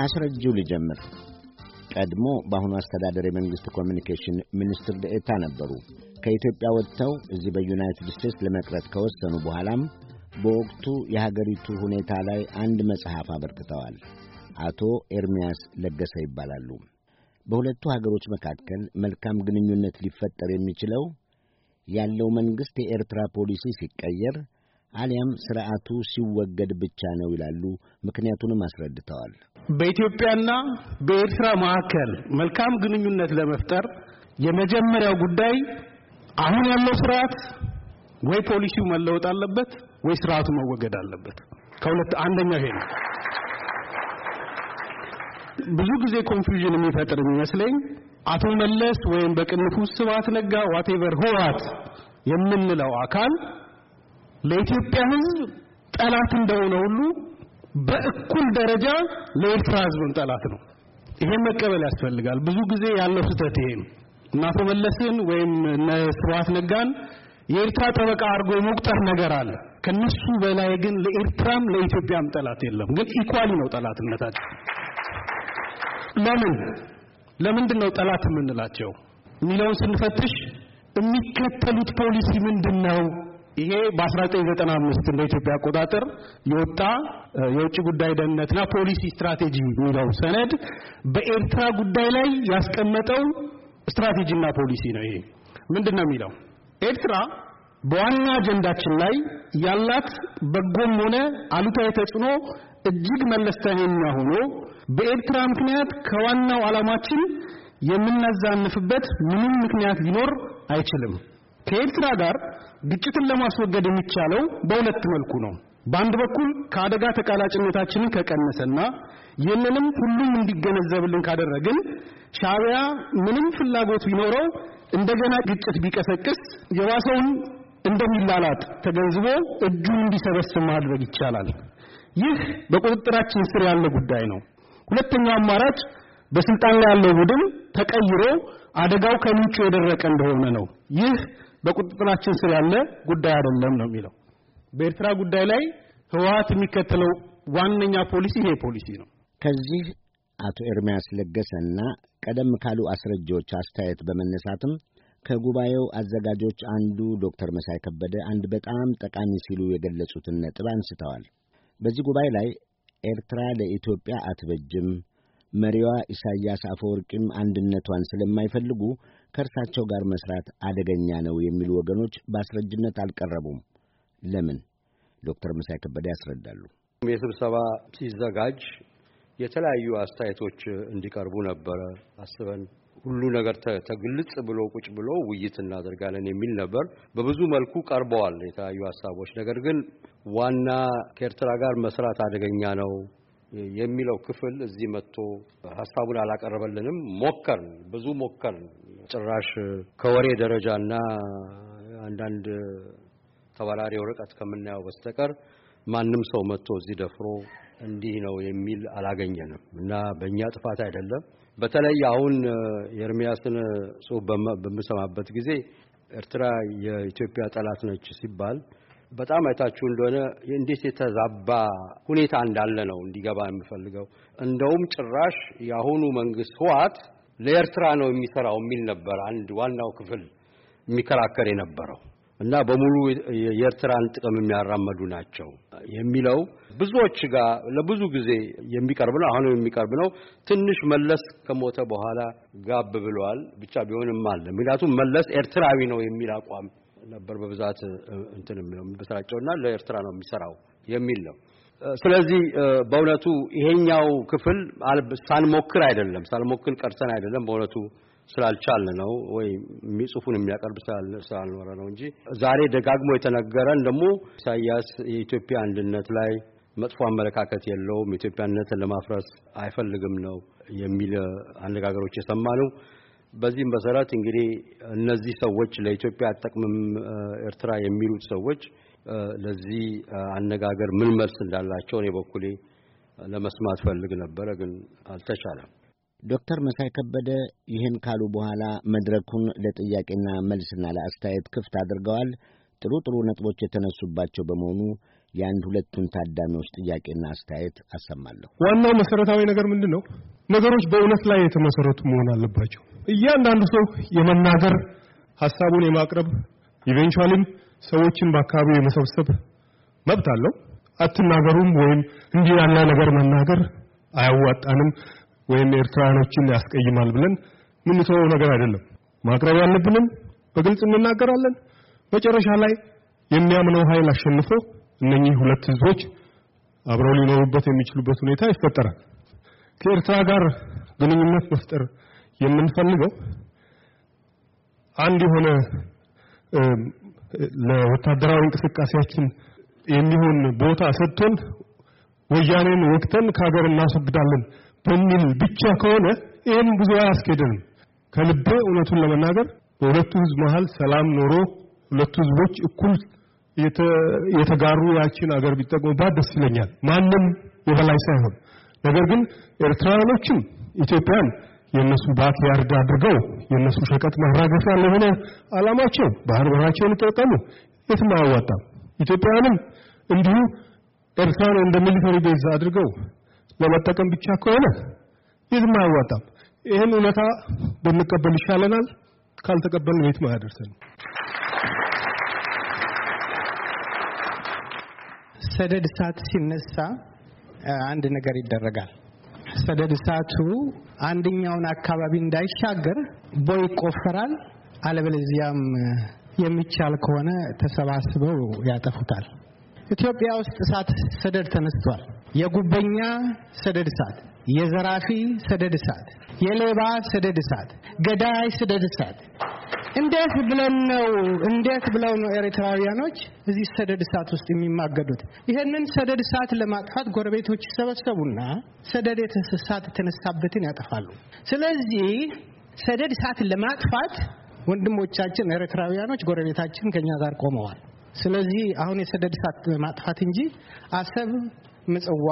ከአስረጅው ልጀምር። ቀድሞ በአሁኑ አስተዳደር የመንግሥት ኮሚኒኬሽን ሚኒስትር ደኤታ ነበሩ። ከኢትዮጵያ ወጥተው እዚህ በዩናይትድ ስቴትስ ለመቅረት ከወሰኑ በኋላም በወቅቱ የሀገሪቱ ሁኔታ ላይ አንድ መጽሐፍ አበርክተዋል። አቶ ኤርምያስ ለገሰ ይባላሉ። በሁለቱ ሀገሮች መካከል መልካም ግንኙነት ሊፈጠር የሚችለው ያለው መንግሥት የኤርትራ ፖሊሲ ሲቀየር አሊያም ሥርዓቱ ሲወገድ ብቻ ነው ይላሉ። ምክንያቱንም አስረድተዋል። በኢትዮጵያና በኤርትራ መካከል መልካም ግንኙነት ለመፍጠር የመጀመሪያው ጉዳይ አሁን ያለው ስርዓት ወይ ፖሊሲው መለወጥ አለበት ወይ ስርዓቱ መወገድ አለበት። ከሁለት አንደኛው ይሄ ነው። ብዙ ጊዜ ኮንፊውዥን የሚፈጥር የሚመስለኝ አቶ መለስ ወይም በቅንፉ ስብሐት ነጋ ዋቴቨር ህወሓት የምንለው አካል ለኢትዮጵያ ሕዝብ ጠላት እንደሆነ ሁሉ በእኩል ደረጃ ለኤርትራ ህዝብም ጠላት ነው። ይሄን መቀበል ያስፈልጋል። ብዙ ጊዜ ያለው ስህተት ይሄ ነው። እና መለስን ወይም ስብሐት ነጋን የኤርትራ ጠበቃ አድርጎ የመቁጠር ነገር አለ። ከነሱ በላይ ግን ለኤርትራም ለኢትዮጵያም ጠላት የለም። ግን ኢኳሊ ነው ጠላትነታቸው። ለምን ለምንድን ነው ጠላት የምንላቸው የሚለውን ስንፈትሽ የሚከተሉት ፖሊሲ ምንድን ነው? ይሄ በ1995 እንደ ኢትዮጵያ አቆጣጠር የወጣ የውጭ ጉዳይ ደህንነትና ፖሊሲ ስትራቴጂ የሚለው ሰነድ በኤርትራ ጉዳይ ላይ ያስቀመጠው ስትራቴጂና ፖሊሲ ነው። ይሄ ምንድን ነው የሚለው ኤርትራ በዋና አጀንዳችን ላይ ያላት በጎም ሆነ አሉታዊ ተጽዕኖ እጅግ መለስተኛ ሆኖ በኤርትራ ምክንያት ከዋናው ዓላማችን የምናዛንፍበት ምንም ምክንያት ሊኖር አይችልም። ከኤርትራ ጋር ግጭትን ለማስወገድ የሚቻለው በሁለት መልኩ ነው። በአንድ በኩል ከአደጋ ተቃላጭነታችንን ከቀነሰና ይህንንም ሁሉም እንዲገነዘብልን ካደረግን ሻቢያ ምንም ፍላጎት ቢኖረው እንደገና ግጭት ቢቀሰቅስ የባሰውን እንደሚላላጥ ተገንዝቦ እጁን እንዲሰበስብ ማድረግ ይቻላል። ይህ በቁጥጥራችን ስር ያለ ጉዳይ ነው። ሁለተኛው አማራጭ በስልጣን ላይ ያለው ቡድን ተቀይሮ አደጋው ከምንጩ የደረቀ እንደሆነ ነው። ይህ በቁጥጥራችን ስላለ ጉዳይ አይደለም ነው የሚለው። በኤርትራ ጉዳይ ላይ ህወሓት የሚከተለው ዋነኛ ፖሊሲ ይሄ ፖሊሲ ነው። ከዚህ አቶ ኤርሚያስ ለገሰና ቀደም ካሉ አስረጃዎች አስተያየት በመነሳትም ከጉባኤው አዘጋጆች አንዱ ዶክተር መሳይ ከበደ አንድ በጣም ጠቃሚ ሲሉ የገለጹትን ነጥብ አንስተዋል። በዚህ ጉባኤ ላይ ኤርትራ ለኢትዮጵያ አትበጅም፣ መሪዋ ኢሳያስ አፈወርቂም አንድነቷን ስለማይፈልጉ ከእርሳቸው ጋር መስራት አደገኛ ነው የሚሉ ወገኖች በአስረጅነት አልቀረቡም። ለምን? ዶክተር መሳይ ከበደ ያስረዳሉ። የስብሰባ ሲዘጋጅ የተለያዩ አስተያየቶች እንዲቀርቡ ነበረ አስበን ሁሉ ነገር ተግልጽ ብሎ ቁጭ ብሎ ውይይት እናደርጋለን የሚል ነበር። በብዙ መልኩ ቀርበዋል የተለያዩ ሀሳቦች። ነገር ግን ዋና ከኤርትራ ጋር መስራት አደገኛ ነው የሚለው ክፍል እዚህ መጥቶ ሀሳቡን አላቀረበልንም። ሞከርን፣ ብዙ ሞከርን። ጭራሽ ከወሬ ደረጃና አንዳንድ ተባራሪ ወረቀት ከምናየው በስተቀር ማንም ሰው መጥቶ እዚህ ደፍሮ እንዲህ ነው የሚል አላገኘንም እና በእኛ ጥፋት አይደለም። በተለይ አሁን የኤርሚያስን ጽሁፍ በምሰማበት ጊዜ ኤርትራ የኢትዮጵያ ጠላት ነች ሲባል በጣም አይታችሁ እንደሆነ እንዴት የተዛባ ሁኔታ እንዳለ ነው እንዲገባ የምፈልገው። እንደውም ጭራሽ የአሁኑ መንግስት ህዋት ለኤርትራ ነው የሚሰራው የሚል ነበር አንድ ዋናው ክፍል የሚከራከር የነበረው እና በሙሉ የኤርትራን ጥቅም የሚያራመዱ ናቸው የሚለው ብዙዎች ጋር ለብዙ ጊዜ የሚቀርብ ነው። አሁንም የሚቀርብ ነው። ትንሽ መለስ ከሞተ በኋላ ጋብ ብለዋል። ብቻ ቢሆንም አለ። ምክንያቱም መለስ ኤርትራዊ ነው የሚል አቋም ነበር በብዛት እንትን የሚለው የሚበስራቸውና ለኤርትራ ነው የሚሰራው የሚል ነው። ስለዚህ በእውነቱ ይሄኛው ክፍል ሳንሞክር አይደለም ሳንሞክር ቀርተን አይደለም በእውነቱ ስላልቻልን ነው ወይ የሚጽፉን የሚያቀርብ ስላልኖረ ነው እንጂ ዛሬ ደጋግሞ የተነገረን ደግሞ ኢሳያስ የኢትዮጵያ አንድነት ላይ መጥፎ አመለካከት የለውም፣ ኢትዮጵያነትን ለማፍረስ አይፈልግም ነው የሚል አነጋገሮች የሰማነው። በዚህም መሰረት እንግዲህ እነዚህ ሰዎች ለኢትዮጵያ አጠቅምም ኤርትራ የሚሉት ሰዎች ለዚህ አነጋገር ምን መልስ እንዳላቸው እኔ በኩሌ ለመስማት ፈልግ ነበረ፣ ግን አልተቻለም። ዶክተር መሳይ ከበደ ይህን ካሉ በኋላ መድረኩን ለጥያቄና መልስና ለአስተያየት ክፍት አድርገዋል። ጥሩ ጥሩ ነጥቦች የተነሱባቸው በመሆኑ የአንድ ሁለቱን ታዳሚዎች ጥያቄና አስተያየት አሰማለሁ። ዋናው መሰረታዊ ነገር ምንድን ነው? ነገሮች በእውነት ላይ የተመሰረቱ መሆን አለባቸው። እያንዳንዱ ሰው የመናገር ሀሳቡን የማቅረብ ኢቬንቹዋሊም ሰዎችን በአካባቢው የመሰብሰብ መብት አለው። አትናገሩም ወይም እንዲህ ያለ ነገር መናገር አያዋጣንም ወይም ኤርትራኖችን ያስቀይማል ብለን ምንተወው ነገር አይደለም። ማቅረብ ያለብንም በግልጽ እንናገራለን። መጨረሻ ላይ የሚያምነው ኃይል አሸንፎ እነኚህ ሁለት ህዝቦች አብረው ሊኖሩበት የሚችሉበት ሁኔታ ይፈጠራል። ከኤርትራ ጋር ግንኙነት መፍጠር የምንፈልገው አንድ የሆነ ለወታደራዊ እንቅስቃሴያችን የሚሆን ቦታ ሰጥቶን ወያኔን ወቅተን ከሀገር እናስወግዳለን በሚል ብቻ ከሆነ ይህም ብዙ አያስኬደንም። ከልቤ እውነቱን ለመናገር በሁለቱ ህዝብ መሀል ሰላም ኖሮ ሁለቱ ህዝቦች እኩል የተጋሩ ያችን ሀገር ቢጠቅሙባት ደስ ይለኛል። ማንም የበላይ ሳይሆን ነገር ግን ኤርትራውያኖችም ኢትዮጵያን የነሱ ባክያርድ አድርገው የነሱ ሸቀጥ ማራገፊያ ለሆነ አላማቸው ባህር በራቸውን ይጠቀሙ፣ የትም አያዋጣም። ኢትዮጵያውያንም እንዲሁ ኤርትራን እንደ ሚሊተሪ ቤዝ አድርገው ለመጠቀም ብቻ ከሆነ የትም አያዋጣም። ይህን እውነታ ብንቀበል ይሻለናል። ካልተቀበልን የትም አያደርሰን። ሰደድ እሳት ሲነሳ አንድ ነገር ይደረጋል። ሰደድ እሳቱ አንደኛውን አካባቢ እንዳይሻገር ቦይ ይቆፈራል። አለበለዚያም የሚቻል ከሆነ ተሰባስበው ያጠፉታል። ኢትዮጵያ ውስጥ እሳት ሰደድ ተነስቷል። የጉበኛ ሰደድ እሳት፣ የዘራፊ ሰደድ እሳት፣ የሌባ ሰደድ እሳት፣ ገዳይ ሰደድ እሳት እንዴት ብለን ነው እንዴት ብለው ነው ኤርትራውያኖች እዚህ ሰደድ እሳት ውስጥ የሚማገዱት? ይህንን ሰደድ እሳት ለማጥፋት ጎረቤቶች ይሰበሰቡና ሰደድ እሳት የተነሳበትን ያጠፋሉ። ስለዚህ ሰደድ እሳት ለማጥፋት ወንድሞቻችን ኤርትራውያኖች ጎረቤታችን ከኛ ጋር ቆመዋል። ስለዚህ አሁን የሰደድ እሳት ለማጥፋት እንጂ አሰብ ምጽዋ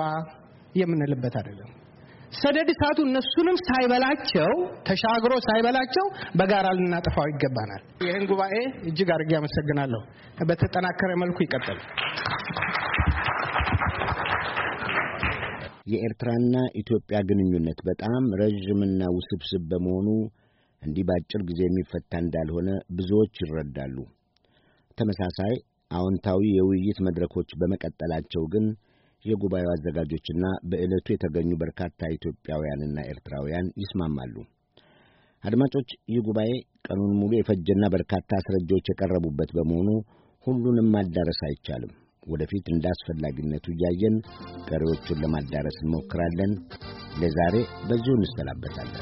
የምንልበት አይደለም። ሰደድ እሳቱ እነሱንም ሳይበላቸው ተሻግሮ ሳይበላቸው በጋራ ልናጠፋው ይገባናል። ይህን ጉባኤ እጅግ አድርጌ አመሰግናለሁ። በተጠናከረ መልኩ ይቀጥል። የኤርትራና ኢትዮጵያ ግንኙነት በጣም ረዥምና ውስብስብ በመሆኑ እንዲህ በአጭር ጊዜ የሚፈታ እንዳልሆነ ብዙዎች ይረዳሉ። ተመሳሳይ አዎንታዊ የውይይት መድረኮች በመቀጠላቸው ግን የጉባኤው አዘጋጆችና በዕለቱ የተገኙ በርካታ ኢትዮጵያውያንና ኤርትራውያን ይስማማሉ። አድማጮች፣ ይህ ጉባኤ ቀኑን ሙሉ የፈጀና በርካታ አስረጃዎች የቀረቡበት በመሆኑ ሁሉንም ማዳረስ አይቻልም። ወደፊት እንደ አስፈላጊነቱ እያየን ቀሪዎቹን ለማዳረስ እንሞክራለን። ለዛሬ በዚሁ እንሰናበታለን።